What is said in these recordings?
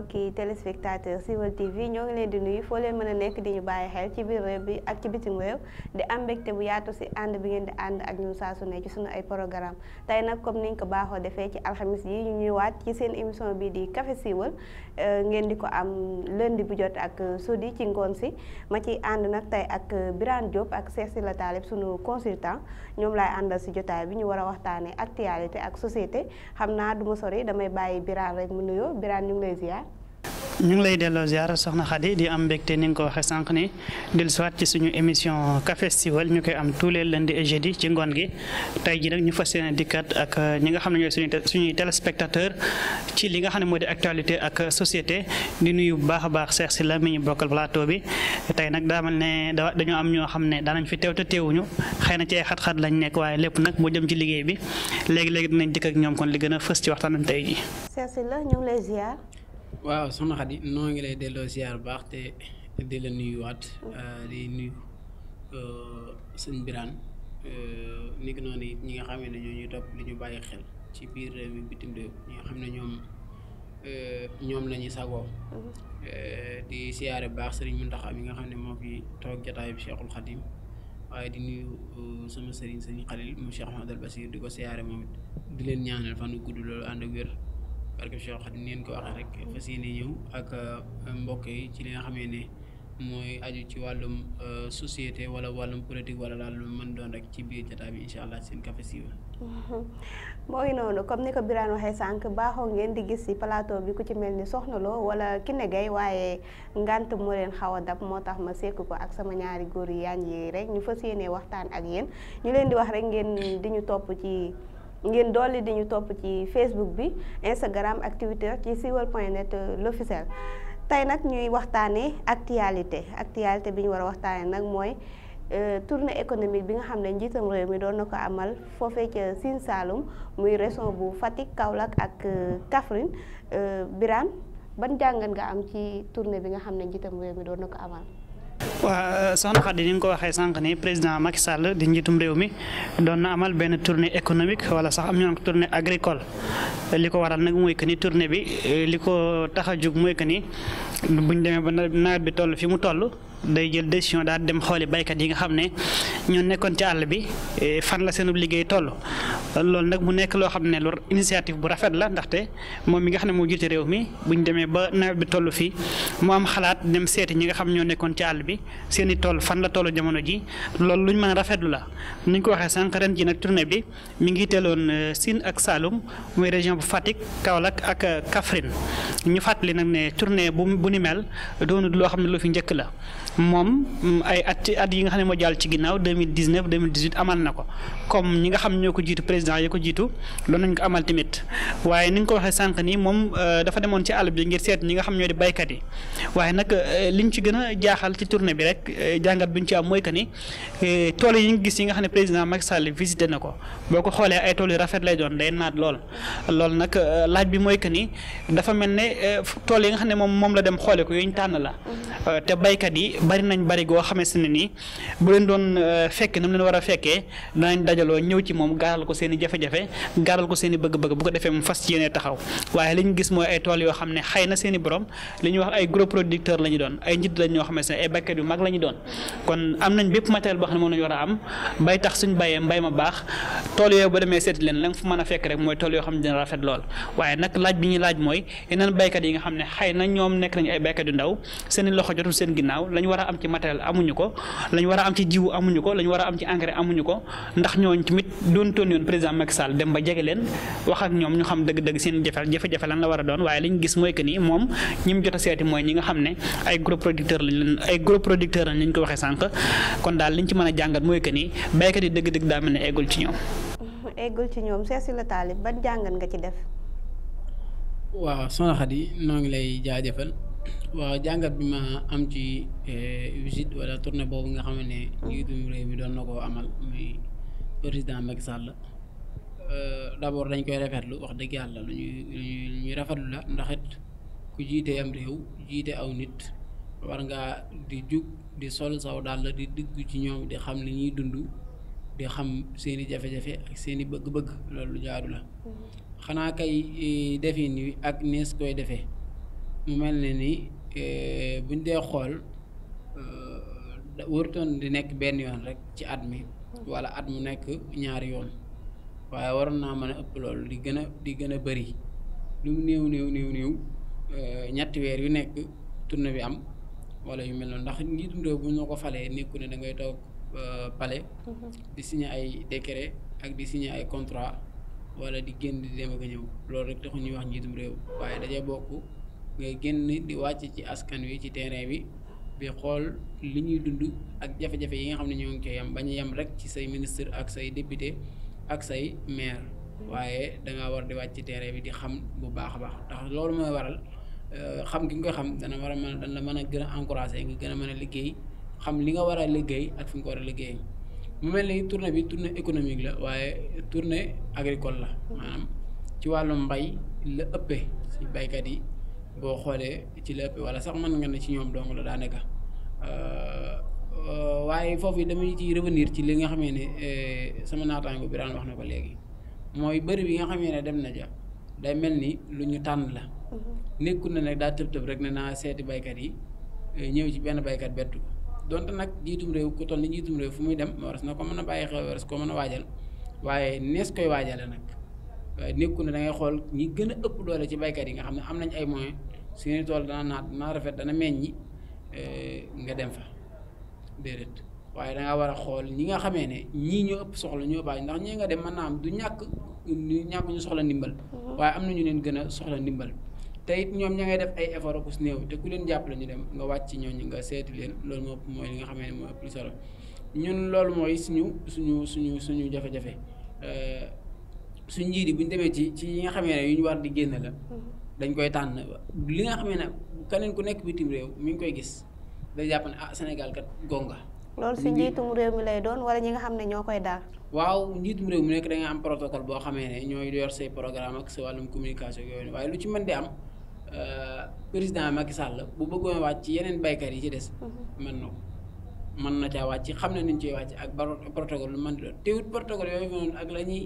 mbokki téléspectateur Siweul TV ñoo ngi leen di nuyu foo leen mën a nekk di ñu bàyyi xel ci biir réew bi ak ci bitim réew di am mbégte bu yaatu si ànd bi ngeen di ànd ak ñun saa su ne ci suñu ay programme tey nag comme niñ ko baaxoo defee ci alxamis yi ñu ñëwaat ci seen émission bi di Café Siweul euh, ngeen di ko am lundi bu jot ak sudi ci ngoon si ma ciy ànd nag tey ak Birane Diop ak Cheikh Sylla Talib suñu consultant ñoom laay àndal si jotaay bi ñu war a waxtaanee actualité ak société xam naa du ma sori damay bàyyi Birane rek mu nuyoo Birane ñu ngi lay ziar ñu ngi lay delloo ziar soxna Khady di am mbégte ni nga ko waxee sànq ni dellusiwaat ci suñu émission Café Festival ñu koy am tous les lundis et jeudi ci ngoon gi tey jii nag ñu fas yéene dikkat ak ñi nga xam ne ñooy suñu suñuy téléspectateur ci li nga xam ne moo di actualité ak société di nuyu bu baax a baax Cheikh Sylla mi ñu bokkal plateau bi tey nag daa mel ne dañoo am ñoo xam ne danañ fi teew te teewuñu xëy na ci ay xat-xat lañ nekk waaye lépp nag moo jëm ci liggéey bi léegi-léegi dinañ dikk ak ñoom kon li gën a fës ci waxtaanam tey ji waaw sama Khady noo ngi lay delloo ziar bu baax te di la nuyuwaat ah, di nuyu ah, sëñ Birane ah, ni ki noonu it ñi nga xam ne ñoo ñu topp li ñu bàyyi xel ci biir réew mi bitim réew ñi nga xam ne ñoom ñoom la ñuy sagoo di siyaare baax sëriñ Mountakha mi nga xam ne moo fi toog jataay bi Cheikhul Khadim waaye di nuyu sama sëriñ sëriñ Khalil mu Cheikh Ahmadou Basir di ko siyaare moom it di leen ñaanal fan gudd loolu ànd ak wér barke cheikh xadim ngeen ko waxe rek fasiyene ñew ak euh, mbokk yi ci li nga xamé ne moy aju ci walum euh, société wala walum politique wala dal lu mën doon rek ci biir jataa bi inshallah seen capacité siiwal mooy noonu comme ni ko biraan waxee sànq baaxoo ngeen di gis ci plateau bi ku ci melni soxna lo wala ki ne gay waye ngant mo len xawa dab motax ma sekk ko ak sama ñaari goor yi yaan yi rek ñu fasiyene waxtaan ak yeen ñu len di wax rek ngeen di ñu topp ci ngeen doli di ñu ci facebook bi instagram ak twitter ci siwal.net euh, l'officiel tay nak ñuy waxtane actualité actualité bi ñu war a waxtaanee nag mooy euh, économique bi nga xam njitam rew mi doon nako amal fofé ci sin salum muy région bu fatik kaulak ak euh, kafrin biran ban jàngat nga am ci tournée bi nga xam njitam rew mi doon nako amal waaw soxna Khady ni nga ko waxee sànq ni président Macky Sall di njiitum réew mi na amal benn tournée économique wala sax am ñu naan tournée agricole li ko waral nag mooy ni tournée bi liko ko tax a jóg mooy que ni buñ demee ba nawet bi toll fi mu toll day jël décision daal dem xooli baykat yi nga xam ñu nekkon ci all bi e, fan la seenu liggéey toll lool nak mu nekk lo xamne ne lu initiative bu rafet la ndaxte mom mi nga xamne mo rew mi buñ démé ba nawet bi toll fi mo am xalaat dem séti ñi nga xam ñoo nekkon ci all bi seeni toll fan la toll jamono ji lool luñu mëna rafet la niñ ko sank ren ji nak tourné bi mi ngi teeloon e, sin ak Saloum moy région bu fatik Kaolack ak e, kafrin ñu fatali nak né tourné bu bu ni mel doonu lo xamne lu fi ñëk la moom ay at at yi nga xamne mo jall ci 2019 2018 amal na ko comme ñi nga xam ñoo ko jiitu président yi ko jiitu loolu nañ ko amal tamit waaye ni nga ko waxee sànq nii moom euh, dafa demoon ci àll bi ngir seet ñi nga xam ñoo di baykat yi waaye nag euh, liñ ci gën a jaaxal ci tournée bi rek euh, jàngat bi ñu ci am mooy que ni tool yi ñu gis yi nga xam ne président Macky Sall visité na ko boo ko xoolee ay tool yu rafet lay doon day naat lool loolu nag laaj bi mooy que ni dafa mel ne tool yi nga xam ne moom moom la dem xoole ko yooyu ñu tànn la mm-hmm. te baykat yi bari nañ bari goo xamante ne nii bu leen doon fekk na mu leen war a fekkee danañ dajaloo ñëw ci moom gaaral ko seen i jafe-jafe gaaral ko seen i bëgg-bëgg bu ko defee mu fas ci yéene taxaw waaye li gis mooy ay tool yoo xam ne xëy na seen i borom li ñuy wax ay la ñu doon ay njiit lañ ñoo xam ne ay yu mag la ñu doon kon am nañ bépp matériel boo xam ne moom lañu war a am bay tax suñ bayee mbay tool yooyu ba demee seeti leen la nga mën a fekk rek mooy tool yoo xam ne dina rafet lool waaye nag laaj bi ñuy laaj mooy yeneen baykat yi nga xam ne xëy na ñoom nekk nañu ay baykat yu ndaw seen loxo jotul seen ginnaaw lañ war a am ci matériel amuñu ko lañ war a am ci jiwu amuñu ko ko la ñu war a am ci engrais amuñu ko ndax ñooñu tamit doon toon yoon président Macky Sall dem ba jege leen wax ak ñoom ñu xam dëgg-dëgg seen jafe-jafe lan la a gis mooy que ni moom ñi jot a seeti mooy ñi nga xam ne ay gros producteur lañ leen ay gros producteur lañ ñu ko waxee sànq kon daal liñ ci mën a jàngat mooy que ni béykat yi dëgg-dëgg daa mel ne eggul ci ñoom. eggul ci ñoom Seydou la Taalib ban jàngat nga ci def. waaw soxna waaw jàngat bi ma am ci eh, visite wala tournée boobu nga xam ne njiitum réew mi doon na koo amal muy président Macky Sall euh, d'abord dañ koy rafetlu wax dëgg yàlla lu ñuy lu rafetlu la ndax ku jiite am réew jiite aw nit war ngaa di jug di sol saw dàll di dugg ci ñoom di xam li ñuy dund di xam seeni jafe-jafe ak seeni bëgg-bëgg loolu jaaru la mm-hmm. xanaa kay eh, defin wi ak nees koy defee mu mel ne ni e, buñ dee xool e, warutoon di nekk benn yoon rek ci at mi wala at mu nekk ñaari yoon waaye waroon naa mën a ëpp loolu di gën a di gën a bëri lu mu néew néew néew néew e, ñetti weer yu nekk tournée bi am wala yu mel noonu ndax njiitum réew bu ñu ko falee nekku ne da ngay toog palais mm-hmm. di signé ay décret ak di signé ay contrat wala di génn di dem ak ñëw loolu rek taxu ñuy wax njiitum réew waaye daje bokk ngay génn di wàcc ci askan wi ci terrain bi bi xool li ñuy dund ak jafe-jafe yi nga xam ne ñoo ngi koy yem bañ a yem rek ci say ministre ak say député ak say maire waaye dangaa war di wàcc ci terrain bi di xam bu baax a baax ndax loolu mooy waral euh, xam gi nga koy xam dana war a mën mën a gën a encourager ngi gën a mën a liggéey xam li nga war a liggéey ak fi nga ko war a liggéey mu mel ni tournée bi tournée économique la waaye tournée agricole la maanaam ci wàllum mbay la ëppee ci baykat yi boo xoolee ci lépp wala sax man nga ne ci ñoom dong la daa nekk euh, waaye foofu yi damay ci revenir ci li nga xamee ne eh, sama naataango bi daan wax na ko léegi mooy bëri yi nga xamee ne dem na ja day mel ni lu ñu tànn la. Mm-hmm. nekkul na nag daa tëb tëb rek ne naa seeti baykat yi eh, ñëw ci benn baykat bettu ko donte nag jiitum réew ku toll ni jiitum réew fu muy dem waras na ko mën a bàyyi xew waras ko mën a waajal waaye nees koy waajale nag. waaye nekku na da ngay xool ñi gën a ëpp doole ci baykat yi nga xam ne am nañ ay moyens suñu tool dana naat dana rafet dana meññi eh, nga dem fa déedéet waaye da war a xool ñi nga xamee ne ñii ñoo ëpp soxla ñoo bàyyi ndax ñii nga dem mën naa du ñàkk du ñàkk ñu soxla ndimbal. Mm-hmm. waaye am na ñu leen gën a soxla ndimbal. te it ñoom ña ngay def ay effort ak su néew te ku leen jàppale ñu dem nga wàcc ñooñu nga seeti leen loolu moo mooy li nga xamee ne moo ëpp solo ñun loolu mooy suñu suñu suñu suñu jafe-jafe. Eh, suñ njiit yi bu ñu demee ci ci yi nga xamee ne yu ñu war di génn la mm-hmm. dañ koy tànn li nga xamee ne keneen ku nekk bitim réew mi ngi koy gis day jàpp ne ah Sénégal kat gonga loolu si njiitum réew mi lay doon wala ñi nga xam ne ñoo koy daal waaw njiitum réew mu nekk da nga am protocole boo xamee ne ñooy yor say programme ak sa wàllum communication yooyu waaye lu ci mën di am euh, président Macky sàll bu bëggoon wàcc ci yeneen baykat yi ci des mm-hmm. mën na mën na caa wàcc xam ne nuñ ciy wàcc ak protocole lu mën di doon teewut protocole yooyu moom ak la ñuy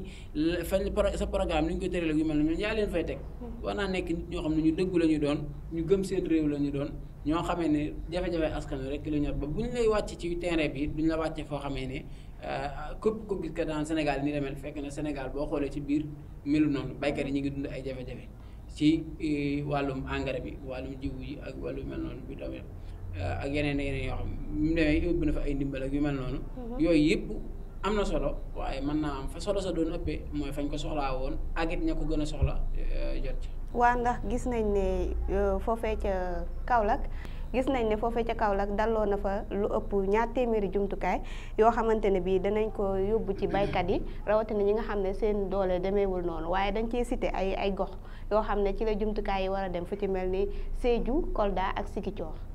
fañ sa programme ni ñu ko tëralee yu mel ne yaa leen fay teg hmm. nekk nit ñoo xam ne ñu dëggu la ñu doon ñu gëm seen réew la ñu doon ñoo xamee ne jafe askan wi rek la ñor ba bu ñu lay wàcc ci terrain bi duñ la wàcce foo xamee ne euh, képp ku gis que dans Sénégal ni demel fekk na Sénégal boo xoolee ci biir melu noonu baykat yi ñu ngi dund ay jafe-jafe ci euh, wàllum engrais bi wàllum jiw yi ak wàllum mel noonu bi tamit ak yeneen yeneen yoo xam mu yóbbu na fa ay ndimbal ak yu mel noonu. Mhm. yooyu yëpp am na solo waaye mën naa am fa solo sa doon ëppee mooy fañ ko soxlaa woon ak it ko gën a soxla euh, waa ndax gis nañ ne euh, foofee ca Kaolack. gis nañ ne foofee ca Kaolack dalloo na fa lu ëpp ñaar téeméeri jumtukaay yoo xamante ne bii danañ ko yóbbu ci baykat yi rawatina ñi nga xam ne seen doole demeewul noonu waaye dañ ciy cité ay ay gox yoo xam ne ci la jumtukaay yi war a dem fu ci mel ni Sédhiou Kolda ak Ziguinchor.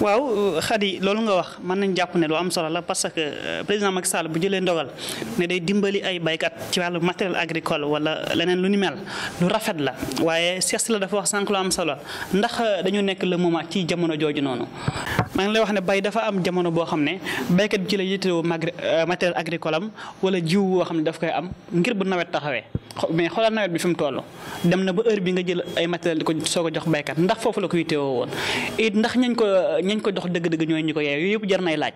waaw Khady loolu nga wax man nañ jàpp ne lu am solo la parce que euh, président Macky Sall bu jëlee ndogal ne day dimbali ay baykat ci wàllu matériel agricole wala leneen lu ni mel lu rafet la waaye Cheikh la dafa wax sànq lu am solo ndax euh, dañu nekk le moment ci jamono jooju noonu. maa ngi lay wax ne bay dafa am jamono boo xam ne baykat bi ci la yittewoo euh, matériel agricole am wala jiw woo xam ne daf koy am ngir bu nawet taxawee mais xoolal nawet bi fi mu toll dem na ba heure bi nga jël ay matériel di ko soog jox baykat ndax foofu la ko yittewoo woon ñañ ko dox dëgg-dëgg ñooy ñu ko yeew yooyu yëpp jar nay laaj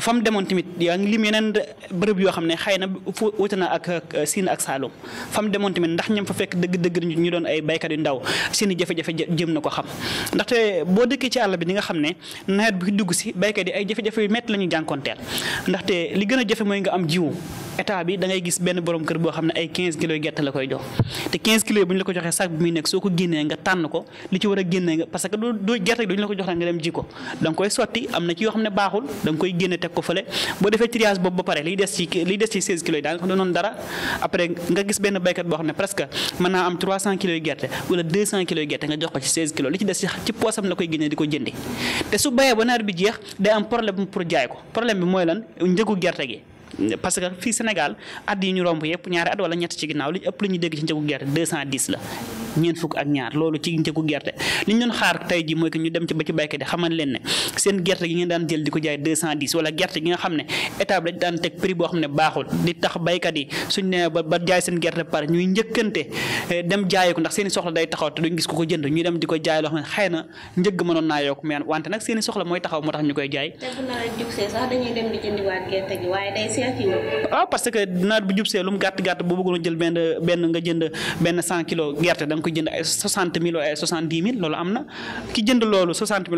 fam demoon tamit yaa ngi yeneen bërëb yoo xam ne xëy na fu wuute na ak Siin ak Saalum fam demoon tamit ndax ñam fa fekk dëgg-dëgg ñu doon ay baykat yu ndaw seeni jafe-jafe jëm na ko xam ndaxte boo dëkkee ci àll bi di nga xam ne nawet bi dugg si baykat yi ay jafe-jafe yu métti la ñuy jànkonteel ndaxte li gën a jafe mooy nga am jiwu état bi da ngay gis benn borom kër boo xam ne ay 15 kilos gerte la koy jox te 15 kilos bu ñu la ko joxee sax bi muy nekk soo ko génnee nga tànn ko li ci war a génnee parce que du gerte du ñu koy am ne baaxul da nga koy génne ko fële boo defee triage boobu ba pare liy des ci liy des ci gis benn baykat boo xam ne presque mën naa am 300 kilos gerte wala 200 kilos gerte nga jox ko ci 16 kilos li ci des ci poosam la koy génnee di ko jëndi te su bayee ba nawet bi jeex day am problème pour jaay ko problème bi mooy lan njëgu gerte gi parce que fii Sénégal at yi ñu romb yëpp ñaari at wala ñett ci ginnaaw li ëpp la ñu dégg ci njëgu gerte la ñeent fukk ak ñaar loolu ci njëgu gerte li ñu xaar tey ji mooy que dem ci ba ci baykat yi xamal leen ne seen gerte gi ngeen daan jël di ko jaay 210 gerte gi nga xam ne état bi lañ xam ne baaxul di tax baykat yi suñ ne ba ba jaay seen gerte pare ñuy njëkkante eh, dem jaayi ko ndax seen soxla day taxaw te duñ gis ku ko jënd ñuy dem di ko jaay loo xam ne na njëgg mënoon naa yokk mais wante nag seen i soxla mooy taxaw moo tax ñu koy jaay kilos. waaw ah, parce que nawet bu jub see lu mu gàtt gàtt bu bëggoon jël benn benn nga jënd benn cent kilos gerte da nga ko jënd ay soixante mille ay soixante dix mille loolu am na ki jënd loolu soixante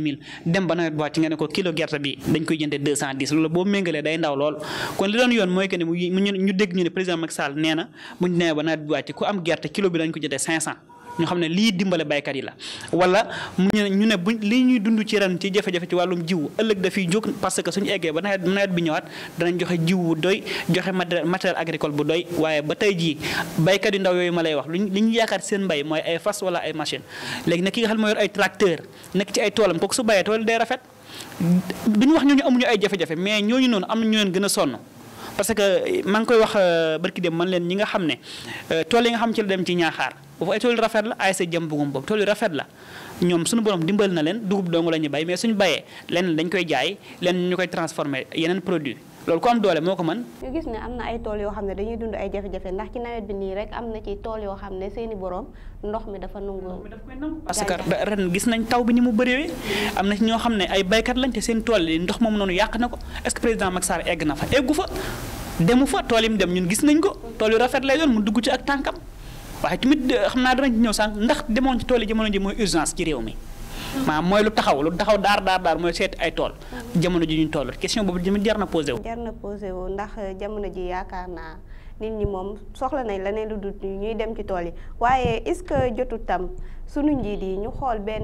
mille dem ba nawet bu wàcc kilo gerte bi dañ koy jëndee deux cent dix loolu boo méngalee day ndaw lool kon li doon yoon mooy que mu ñu dégg ñu ne président Macky Sall nee na bu ñu ba nawet bu wàcc ku am gerte kilo bi dañ ko jëndee cinq cent ñu xam ne lii dimbale baykat yi la wala mu ñu ne bu lii ñuy dund ci ren ci jafe-jafe ci wàllum jiw ëllëg dafay jóg parce que suñu eggee ba nawet nawet bi ñëwaat danañ joxe jiw bu doy joxe matériel agricole bu doy waaye ba tey jii baykat yu ndaw yooyu ma lay wax luñ li ñu yaakaar seen mbay mooy ay fas wala ay machine léegi nag ki nga xam ne yor ay tracteur nekk ci ay toolam kooku su bayee tool day rafet ñu wax ñooñu amuñu ay jafe-jafe mais ñooñu noonu am na ñu leen gën a sonn parce que mang koy wax euh, barki dem man len ñi nga xamne euh, tole nga xam ci dem ci ñaaxar bu fa tool rafet la ay sa jëm bu boobu bob tole rafet la ñom suñu borom dimbal na len dugub dong la bay mais suñu bayé len dañ koy jaay len ñu transformer yenen produit loolu ku am doole moo ko man ñu gis ne am na ay tool yoo xam ne dañuy dund ay jafe-jafe ndax ci nawet bi nii rek am na ci tool yoo xam ne seeni borom ndox mi dafa nangu. parce que ren gis nañ taw bi ni mu bëree am na ci ñoo xam ne ay baykat lañ te seen tool yi ndox moom noonu yàq na ko est président mag Sall egg na fa eggu fa demu fa tool yi mu dem ñun gis nañ ko tool yu rafet lay doon mu dugg ci ak tànkam waaye tamit eh, xam naa danañ ci ñëw sànq ndax demoon ci tool yi jamono ji mooy urgence ci réew mi. Ma, moy lu taxaw lu taxaw dar dar dar, moy set ay tol jamono ji ñu tol question bobu jëm jarna poser wu. jarna poser wu ndax jamono ji yaakaar nit ñi mom soxla nañ leneen lu dut ñuy dem ci tol yi waaye est-ce que jotu tam suñu njiit yi ñu xol ben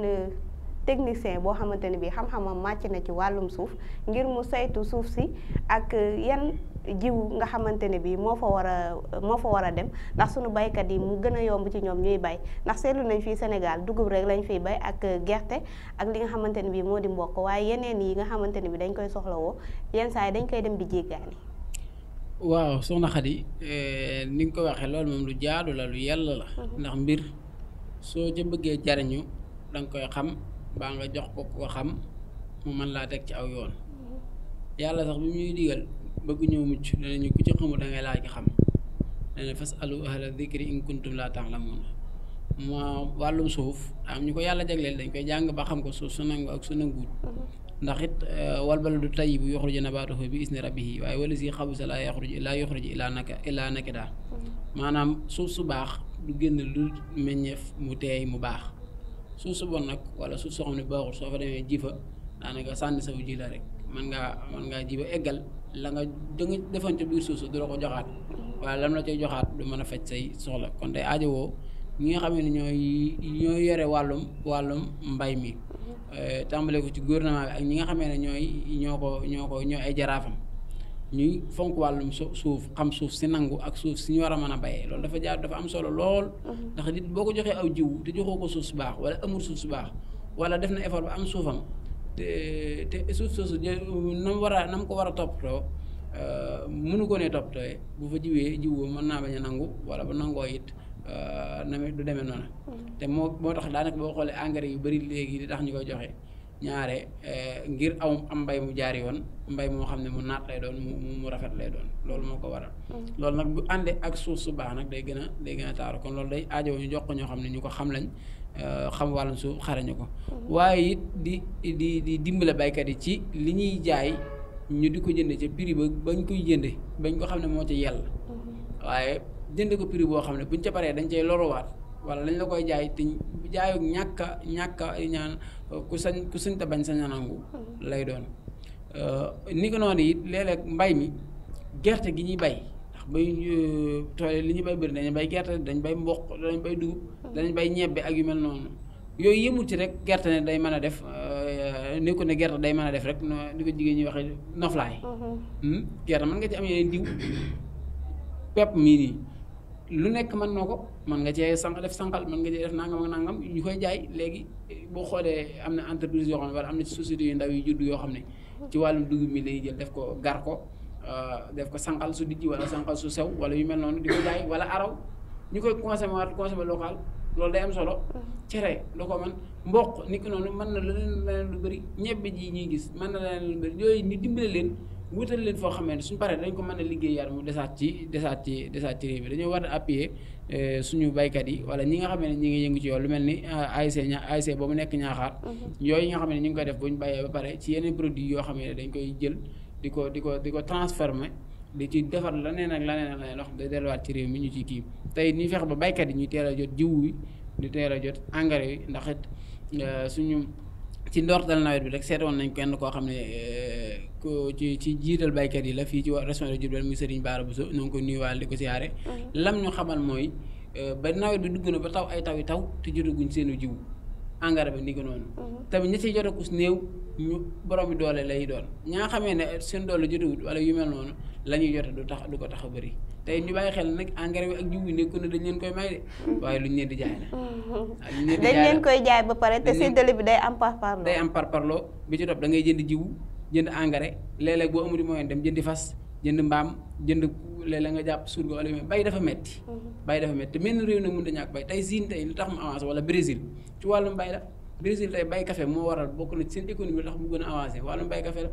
technicien bo xamanteni bi xam xam-xamam na ci walum suuf ngir mu saytu suuf si ak yan jiw nga xamante ne bii moo fa war a moo fa war a dem ndax sunu baykat yi mu gën a yomb ci ñoom ñuy bay ndax seetlu nañ fii Sénégal dugub rek lañ fiy bay ak gerte ak li nga xamante ne bii moo di mbokk waaye yeneen yi nga xamante ne bii dañ koy soxlawoo yenn saa yi dañ koy dem di jéggaani. waaw soxna Khady eh, ni koy waxee loolu moom lu jaalu la lu yàlla la. Mm-hmm. ndax mbir soo ca bëggee jariñu da koy xam baa nga jox ko ko xam mu mën laa teg ci aw yoon. Mm-hmm. yàlla bëgg ñoo mucc danañu ku ci xamul da ngay laaj xam dana fas alu ahla dikri in kuntum laa ta'lamuun moo wàllum suuf am ñu ko yàlla jagleel dañ koy jàng ba xam ko suuf su nangu ak su nanguut ndax it na eh, baladu tayyibu yuxruju nabaatuhu bi isni rabbihi waaye wala si xabusa laa yuxruju laa yuxruju ilaa naka ilaa nakida maanaam suuf su baax du génn lu meññeef mu teey mu baax suuf su bon nag wala suuf soo xam ne baaxul soo fa demee jifa daanaka la nga da nga biir suuf su du la ko joxaat waaye lam la cay joxaat du mën a faj say soxla kon day aajowoo ñi nga xame ne ñooy ñooy yore wàllum wàllum mbay mi eh, tàmbale ko ci gouvernement bi ak ñi nga xamee ne ñooy ñoo ko ñoo ko ñoo ay jaraafam ñuy fonk wàllum suuf xam suuf si nangu ak suuf si ñu war a mën a bayee loolu dafa jaar dafa am solo lool mm-hmm. ndax nit boo ko joxee aw jiwu te joxoo ko suuf su baax wala amul suuf su baax wala def na effort ba am suufam te te suuf soosu na mu war a na mu ko war a toppatoo euh, mënu ko ne toppatoo bu fa jiwee jiw mën naa bañ a nangu wala ba nangoo it euh, nawet du demee noonu. te moo moo tax daanaka boo xoolee engrais yu bari léegi di tax ñu koy joxe ñaare euh, ngir aw am mbay mu jaar yoon mbay moo xam ne mu naat lay doon mu mu rafet lay doon loolu moo ko waral. Mm. loolu nag bu àndee ak suuf su baax nag day gën a day gën a taaru kon loolu day ajoo ñu jox ko ñoo xam ne ñu ko xam lañ. Euh, xam wàllum su xarañu ko waaye it di di di dimbale baykat yi ci li ñuy jaay ñu di ko jënd ca prix ba bañ koy jënde bañ ko xam ne moo ci yàlla mm-hmm. waaye jënd ko prix boo xam ne buñ ca paree dañ cay loruwaat wala lañ la koy jaay te jaayu ñàkk a ñàkk ñaan ku sañ ku sañ te bañ sañ a nangu mm-hmm. lay doon euh, ni ko noonu it léeg mbay mi gerte gi ñuy bay bay euh, tool li ñu bay bëri dañu bay gerte dañ bay mboq dañ bay dugub ah. dañu bay ñebbe ak yu mel noonu yooyu yëmul ci rek gerte ne day mën a def euh, ne ko ne gerte day mën a def rek di ko jigéen ñi waxee noflaay uh-huh. hmm? gerte mën nga ci am yeneen diw pepp nii lu nekk mën noo ko mën nga cee sànq def sànqal mën nga cee def nangam ak nangam ñu koy jaay léegi eh, boo xoolee am na entreprise yoo xam ne wala am na société yu ndaw yu juddu yoo xam ne uh-huh. ci wàllu dugub mi lay jël def ko gar ko Euh, def ko sankal su dijji wala sankal su sew wala yu mel noonu di ko jaay wala araw ñu koy consommer conseil local lolou day am solo cere lu ko man mbokk nit ki nonu man na leneen leneen lu bari ñebbe ji ñi gis man na leneen lu bari yoy ni dimbele leen wutal leen fo xamee ne suñ paree dañ ko mën a liggéey yar mu desaat ci desaat ci desaat ci réew bi dañu war a appuyer euh, suñu baykat yi wala ñi nga xamee ne ñi ngi yëngu ci yoon lu melni euh, AIC ASC ña ASC ba mu nekk ñaaxaar mhm. yi nga xam ne ñu ngi koy def bu ñu ba pare ci yeneen produit yo xam dañ koy jël di ko di ko di ko transformer di ci defar leneen ak leneen ak leneen loo xam day delluwaat ci réew mi ñu ci kii tey ñu fexe ba baykat yi ñuy teel a jot jiwu yi di teel a jot engrais yi ndax it euh, suñu ci ndorteel nawet bi rek seetoon nañ kenn koo xam ne euh, ko ci ci jiital baykat yi la fii ci région de Diourbel muy Serigne Bara Bousso ñoo ngi ko nuyuwaale di ko siyaare mhm. lam ñu xamal mooy euh, ba nawet bi dugg na ba taw ay taw yi taw te jotaguñ seenu jiwu engrais bi ni ngi noonu mhm. tamit ñi ci jot néew ñu borom doole lay doon ña nga xamee ne seen doole jotawut wala yu mel noonu la ñuy jote du tax du ko tax a bëri tey ñu bàyyi xel nag engrais bi ak jiw bi nekku ne dañ leen koy may de mhm. waaye luñ leen di jaay la mhm. dañ leen koy jaay ba pare te séddale bi day am parparloo day am parparloo bi ci topp da ngay jënd jiw jënd engrais léeg-léeg boo amul moyen dem jëndi fas jënd mbaam jënd léeg nga jàpp surga wala mais bay dafa metti mhm. bay dafa metti mel ni réew nag mënut a ñàkk bay tey Chine tey lu tax mu avancé wala Brésil ci wàllum bay la Brésil tey bay café moo waral bokk na ci seen économie lu tax mu gën a avancé wàllum bay café la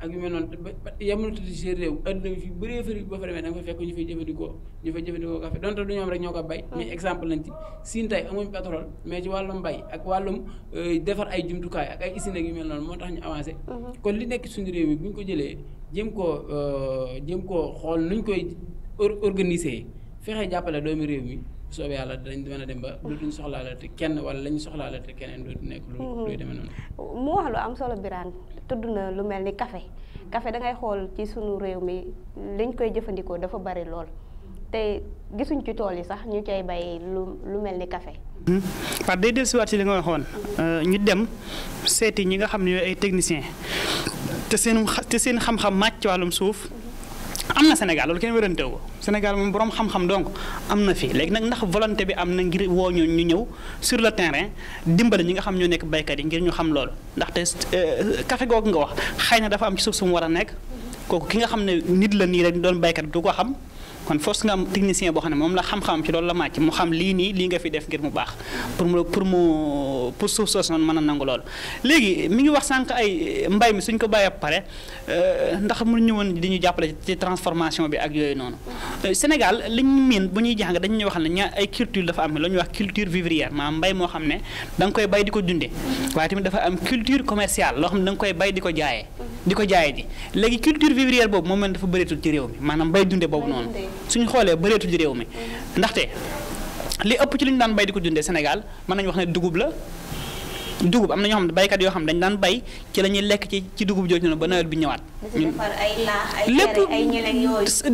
ak yu mel noonu yamul tudd ci réew adduna fi bëree fëri boo fa demee da fa fekk ñu fay jëfandikoo ñu fay jëfandikoo café donte du ñoom rek ñoo ko bay ah. mais exemple lañ ci siin tey amuñ pétrole mais ci wàllum mbay ak wàllum euh, defar ay jumtukaay ak ay usine ak yu mel noonu moo tax ñu avancé uh-huh. kon li nekk suñu réew mi bu ñu ko jëlee jëm koo euh, jëm koo xool nuñ koy organiser fexe jàppale doomi réew mi soobee yàlla dinañ mën a dem ba dootuñ soxlaalate kenn wala lañ soxlaalate keneen dootu nekk lu hmm. luy demee noonu mu wax lu am solo Birane tudd na lu mel ni kafe kafe da ngay xool ci suñu réew mi liñ koy jëfandikoo dafa bari lool te gisuñ ci tool yi sax ñu koy bay lu lu mel ni kafe par hmm. day dellusiwaat ci li nga waxoon euh, ñu dem seeti ñi nga xam ne ñooy technicien te seen te seen xam-xam màcc ci wàllum suuf am na Sénégal loolu kenn wérante ko Sénégal moom boroom xam-xam donc am na fi léegi nag ndax volonté bi am na ngir woo ñu ñu ñëw sur le terrain dimbale ñi nga xam ñoo nekk baykat yi ngir ñu xam loolu ndaxte euh, café googu nga wax xëy na dafa am ci suuf su war a nekk kooku ki nga xam ne nit la nii rek doon baykat du ko xam. kon force nga am technicien boo xam ne moom la xam-xam ci loolu la màcc mu xam lii nii lii nga fi def ngir mu baax pour mu pour pour suuf soosu noonu mën a nangu loolu. léegi mi ngi wax sànq ay mbay mi suñ ko bàyyee pare euh, ndax mu ñëwoon di ñu jàppale ci transformation bi ak yooyu noonu euh, Sénégal li miin bu ñuy jàng dañu ñuy wax ne ñaar ay culture dafa am lu ñuy wax culture vivrière maanaam mbay moo xam ne da nga koy bay di ko dundee waaye tamit dafa am culture commerciale loo xam ne da nga koy bay di ko jaayee di ko jaayee ji léegi culture vivrière boobu moom man dafa bëreetul ci réew mi maanaam bay dunde boobu noonu suñ xoolee bëreetu ci réew mi ndaxte li ëpp ci li daan bay diko ko Sénégal man nañ wax né dugub la dugub amna na xam bay kat yo xam dañ daan bay ci lañuy lek ci ci dugub jooju noonu ba nawet bi ñëwaat. lépp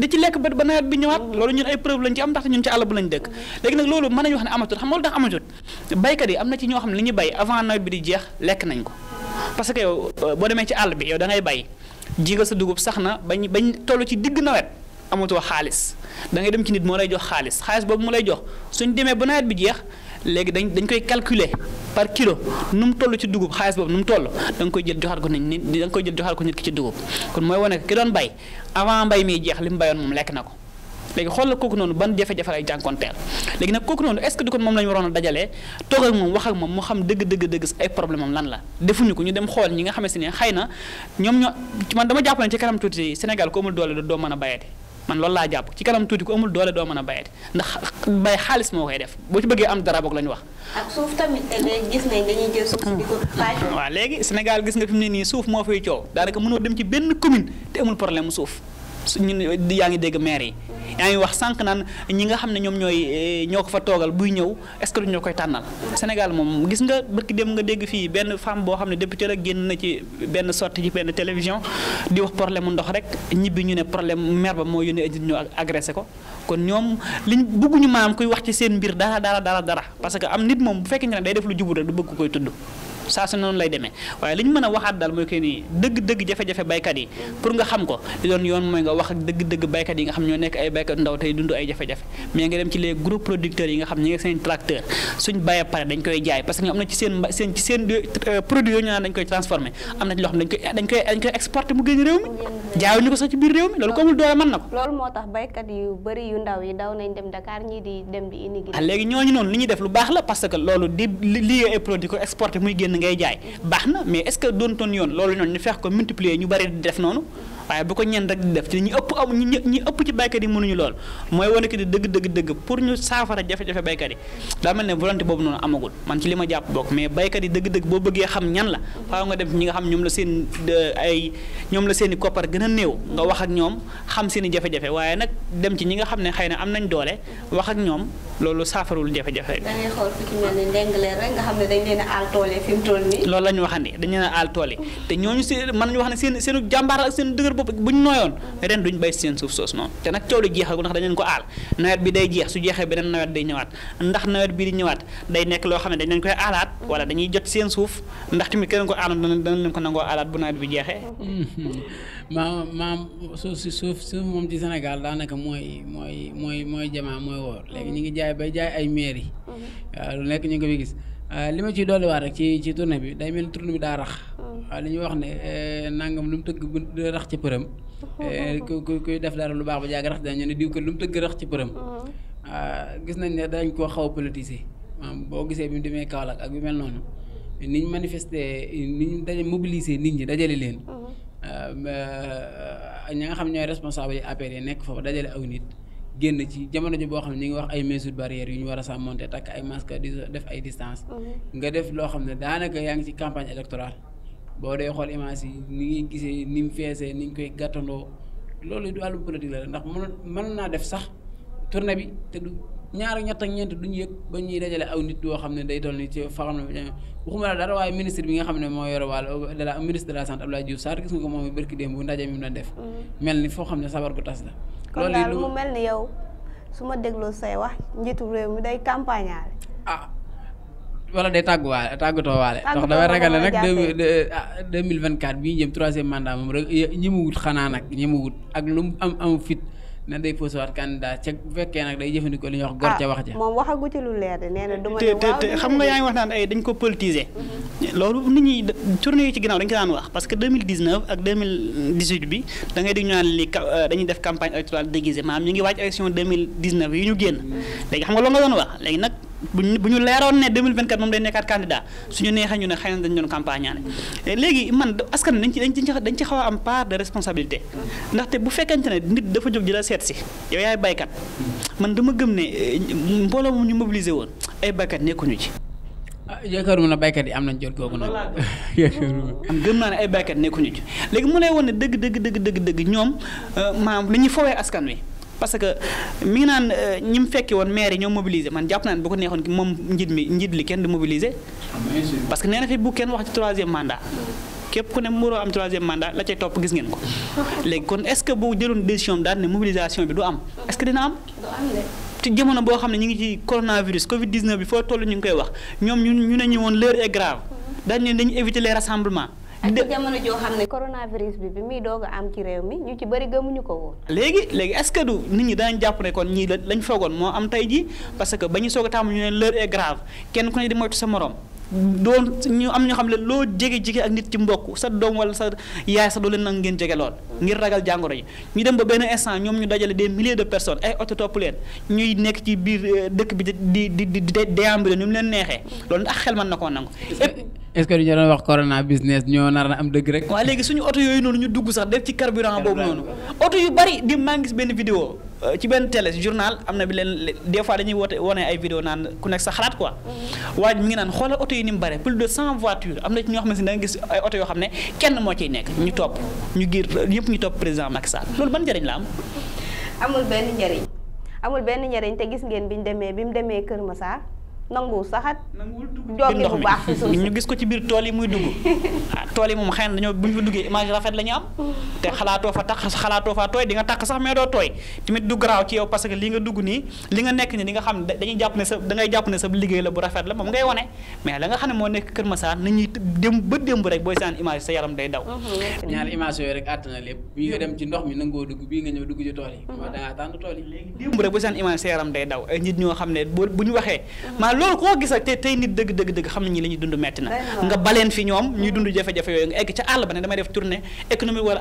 di ci lek ba nawet bi ñëwaat. lolu ñun ay preuve lañ ci am ndaxte ñun ci Allah bu lañ dekk léegi nak lolu mën nañu wax né amatu xam nga lu amatu bay kat yi amna ci ño xam liñu bay avant nawet bi di jeex lek nañ ko parce que yow euh, bo démé ci Allah bi yow da ngay bay ji nga sa dugub saxna bañ bañ tollu ci digg nawet amatoo xaalis dangay dem ci nit moo lay jox xaalis xaalis boobu mu lay jox suñ demee ba nawet bi jeex léegi dañ dañ koy calculer par kilo nu mu toll ci dugub xaalis boobu nu mu toll da nga koy jël joxaat ko nit da koy jël joxaat ko nit ki ci dugub kon mooy wane ki doon bay avant mbay mi jeex li mu bayoon moom lekk na ko. léegi xool la kooku noonu ban jafe-jafe lay jànkonteel léegi nag kooku noonu est-ce que du kon moom la ñu waroon a dajalee toog moom wax ak xam dëgg dëgg dëgg ay problème am lan la defuñu ñu dem xool ñi nga xamante ne xëy na ñoom ñoo man dama jàpp ne ci kanam tuuti Sénégal ko amul doole doo mën a bayati man loolu laa jàpp ci kanam tuuti ku amul doole doo mën a bayati ndax bay xaalis moo koy def boo ci bëggee am dara boog la ñu wax. ak suuf tamit gis nañ dañuy jël suuf di ko waaw léegi Sénégal gis nga fi mu ne nii suuf moo fay coow daanaka mënoo dem ci benn commune te amul problème mu suuf. ñun yaa ngi dégg maire yi yaa ngi wax sànq naan ñi nga xam ne ñoom ñooy eh, ñoo ko fa toogal buy ñëw est-ce que du ñoo koy tànnal Sénégal moom gis nga ki dem nga dégg fii benn femme boo xam ne député la génn na ci benn sortie ci benn télévision di wax problème mu ndox rek ñibbi ñu ne problème maire ba moo yónnee indi ñu agressé ko kon ñoom liñ bëgguñu maanaam kuy wax ci seen mbir dara dara dara dara parce que am nit moom bu fekkee ne day def lu jubul rek du bëgg koy tudd saa sa non lay demee waye liñ mëna waxat dal moy daal deug deug jafé jafé jafe-jafe baykat yi pour nga xam ko li doon yoon moy nga wax ak deug deug baykat yi nga xam ñoo nek ay baykat ndaw tay dundu ay jafe-jafe mais nga dem ci les gros producteurs yi nga xam ñi nga seen tracteur suñ baye paré dañ koy jaay parce que amna ci seen seen ci seen euh, produit yooyu ñu dañ koy transformer amna ci lo xam dañ koy dañ koy dañ koy exporter mu génn réew mi ñu ko sax ci biir réew mi lolu ko amul doole man na lolu motax baykat yu bari yu ndaw yi daw nañ dem Dakar ñi di dem di inigi ah, légui ñoñu non li ñi def lu bax la parce que lolu di lié ay produit ko exporter muy gën jënd ngay jaay baax na mais est-ce que doontoon yoon loolu noonu ñu fex ko multiplier ñu bari di def noonu waaye bu ko ñenn rek di def ci ñi ëpp am ñi ëpp ci baykat yi mënuñu lool mooy wane que di dëgg dëgg dëgg pour ñu saafara jafe-jafe baykat yi daa mel ne volonté boobu noonu amagul man ci li ma jàpp bokk mais baykat yi dëgg-dëgg boo bëggee xam ñan la faaw nga dem ñi nga xam ñoom la seen ay ñoom la seen i koppar gën a néew nga wax ak ñoom xam seen i jafe waaye nag dem ci ñi nga xam ne xëy na am nañ doole wax ak ñoom loolu saafarul jafe-jafe. da ngay xool ku xam ne dañ leen a tool yi fi nii. loolu la ñu waxandi dañ leen a aal tool yi te ñooñu si man nañu wax ne seen seenu jàmbaar ak seen dëgër bopp bu ñu nooyoon ren duñ bay seen suuf soos noonu te nag coow li jeexagul ndax dañ leen ko aal nawet bi day jeex su jeexee beneen nawet day ñëwaat ndax nawet bii di ñëwaat day nekk loo xam ne dañ leen koy aalaat wala dañuy jot seen suuf ndax tamit keneen ko aaloon danañ leen ko nangoo aalaat bu nawet bi jeexee maam maam suuf si suuf suuf moom ci Sénégal daanaka mooy mooy mooy mooy jamaa mooy woor mm-hmm. léegi ñu ngi jaay bay jaay ay mairie mm-hmm. waaw lu nekk ñu ngi koy gis ah, li ma ciy dolliwaat rek ci ci tournée bi day mel ni tournée bi mm-hmm. ah, li ñuy wax ne eh, nangam lu mu ci përëm eh, ku ku kuy def dara lu baax ba jàgg ñu ne diw ko lu mu tëgg rax ci përëm ah, gis nañ ne dañ koo xaw a politiser boo gisee bi mu demee Kaolack ak bi mel noonu niñ manifester niñ daje mobiliser nit ñi dajale leen Euh, euh, ñi nga xam ñooy responsable yi APR yi nekk foofu dajale aw nit génn ci jamono ji boo xam ne ni ngi wax ay mesures barrières yu ñu war a sàmmonte takk ay masque di def ay distance mm-hmm. nga def loo xam ne daanaka yaa ngi ci campagne électorale boo dee xool image yi ni ngi gisee ni mu feesee ni ñu koy gàttandoo loolu wàllum politique la rek ndax mënoon mën naa def sax tournée bi te du ñaar ñett ak ñeent duñu yëg ba ñuy dajale aw nit yoo xam ne day toll ni ci fa xam ne waxuma la dara waaye ministre bi nga xam ne moo yor wàll de la ministre de la santé Abdoulaye Diouf Sarr gis nga ko moom bërki démb bu ndaje mi doon def mm. mel ni foo xam ne sabar gu tas la kon daal mu mel ni yow su ma dégloo say wax njiitu réew mi day campagne ah wala day tàgguwaale tàggatoo waale ndax damay ragal ne nag deux mille ah, vingt quatre bii jëm troisième mandat moom rek wut xanaa nag ñi mu wut ak lu mu am am fit ne day posé waat candidat bu fekkee nag day jëfandikoo li ñuy wax gor ah, ca wax ja. na du ma ne waaw te te xam nga yaa ngi wax naan ay dañ ko politiser. loolu nit ñi tournée yi ci ginnaaw dañ ko daan wax parce que 2019 ak 2018 bi da ngay dégg ñu naan li euh, dañuy def campagne électorale déguisée maanaam ñu ngi waaj élection 2019 yi ñu génn mm-hmm. léegi xam nga loolu nga doon wax léegi nag. buñ bu ñu leeroon ne 2024 moom day nekkaat candidat suñu neexee ñu ne xëy na dañu doon campagne ñaane léegi man askan dañ ci dañ ci dañ ci xaw am part de responsabilité ndaxte bu fekkente ne nit dafa jóg di la seet si yow yaay baykat man dama gëm ne eh, mbooloo mu ñu mobilisé woon ay baykat nekkuñu ci. ah yaakaaruma ne baykat yi am nañ jot googu nag. am gëm naa ne ay baykat nekkuñu ci léegi mu lay woon ne dëgg dëgg dëgg dëgg dëgg ñoom eh, maanaam li ñu fowee askan wi. parce que mi ngi naan euh, ñi mu fekki woon maire ñoo mobiliser man jàpp naa ne bu ko neexoon moom njiit mi njiit li kenn du mobiliser. parce que nee fi bu kenn wax ci troisième mandat. képp ku ne muroo am troisième mandat la cay topp gis ngeen ko léegi kon est-ce que boo jëloon décision daan ne mobilisation bi du am est que dina am. ci jamono boo xam ne ñu ngi ci coronavirus Covid 19 bi foo toll ñu ngi koy wax ñoom ñu ñu ne ñu woon l'heure est grave daañu ne ak jamono joo xam ne coronavirus bi bi muy doog a am ci réew mi ñu ci bëri gëmuñu ko woon. léegi léegi est-ce que du nit ñi danañ jàpp ne kon ñii lañ foogoon moo am tey jii que ba ñu soog a tàmm ñu ne l'heure est kenn ku ne di moytu sa morom. doon ñu am ñoo xam ne loo jege-jege ak nit ci mbokk sa doom wala sa yaay sa doo leen nag ngeen jege lool ngir ragal jàngoro yi ñu dem ba benn instant ñoom ñu dajale des milliers de personnes ay auto topp leen ñuy nekk ci biir euh, dëkk bi di di di di déambulé ñu mu leen neexee loolu ndax xel mën na koo nangu est-ce que du ñu doon wax corona business ñoo nar am dëgg rek. waaw léegi suñu oto yooyu noonu ñu dugg sax def ci carburant boobu noonu. oto yu bari di maa ngi gis benn vidéo euh, ci benn télé journal am na bi leen des fois dañuy wote wane ay vidéo naan ku nekk sa xalaat quoi. Mm-hmm. waaye mi ngi naan xoolal oto yi ni mu bare plus de cent voitures am na ci ñoo xam ne da nga gis ay oto yoo xam ne kenn moo ciy nekk ñu topp ñu giir ñëpp ñu topp président Macky Sall loolu ban njëriñ la am. amul benn njëriñ. amul benn njëriñ te gis ngeen bi ñu demee bi mu demee Kër Massar nangu sahat jogi bu baax ci suuf ñu gis ko ci biir tool yi muy dugg ah, tool yi moom xëy na dañoo buñ fa duggee image rafet la ñu am te xalaatoo fa tax xalaatoo fa tooy di nga takk sax mais doo tooy tamit du garaaw ci yow parce que li nga dugg nii li nga nekk nii di nga xam dañuy jàpp ne sa da ngay jàpp ne sa liggéey la bu rafet la moom ngay wane mais la nga xam ne moo nekk kër masaar na ñuy dem ba démb rek booy saan image sa yaram day daw mhm. ñaar image yooyu rek àtt na lépp nga dem ci ndox mi nangoo dugg bii nga ñëw dugg ci tool yi mhm. da nga tool yi rek image sa yaram day daw ay nit ñoo waaw loolu koo gis ak tey tey nit dëgg dëgg dëgg xam nañu dund metti na nga baleen fi ñoom ñu dund jafe-jafe yooyu nga egg ca àll ba ne damay def tournée économique wala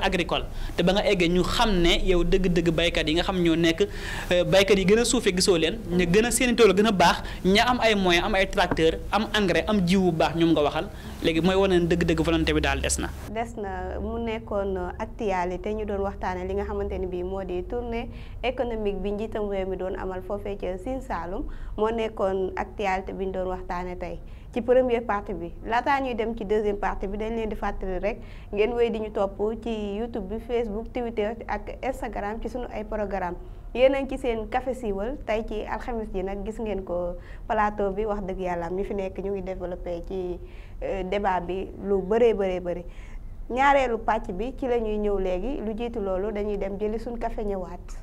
xam ne yow dëgg-dëgg baykat yi nga xam ñoo nekk euh, baykat yi gën a suufe gisoo leen ñu gën a seeni tool gën a baax ña am ay moyens am ay tracteur am engrais am jiw bu baax ñoom nga waxal léegi mooy wane ne dëgg-dëgg volonté bi daal des na des na mu nekkoon actualité ñu doon waxtaane li nga xamante ni bii moo di tournée économique bi njiitam réew mi doon amal foofee ca Sine Saloum moo nekkoon actualité bi ñu doon waxtaanee tey ci première partie bi laataa ñuy dem ci deuxième partie bi dañ leen di fàttali rek ngeen wéy di ñu topp ci YouTube bi Facebook Twitter ak Instagram ci suñu ay programme yéen a ci seen kafe siiwal tey ci alxames ji nag gis ngeen ko plateau bi wax dëgg yàlla am ñu fi nekk ñu ngi développé ci euh, débat bi lu bëree bëree bëri ñaareelu pàcc bi ci la ñuy ñëw léegi lu jiitu loolu dañuy dem jëli suñ kafe ñëwaat.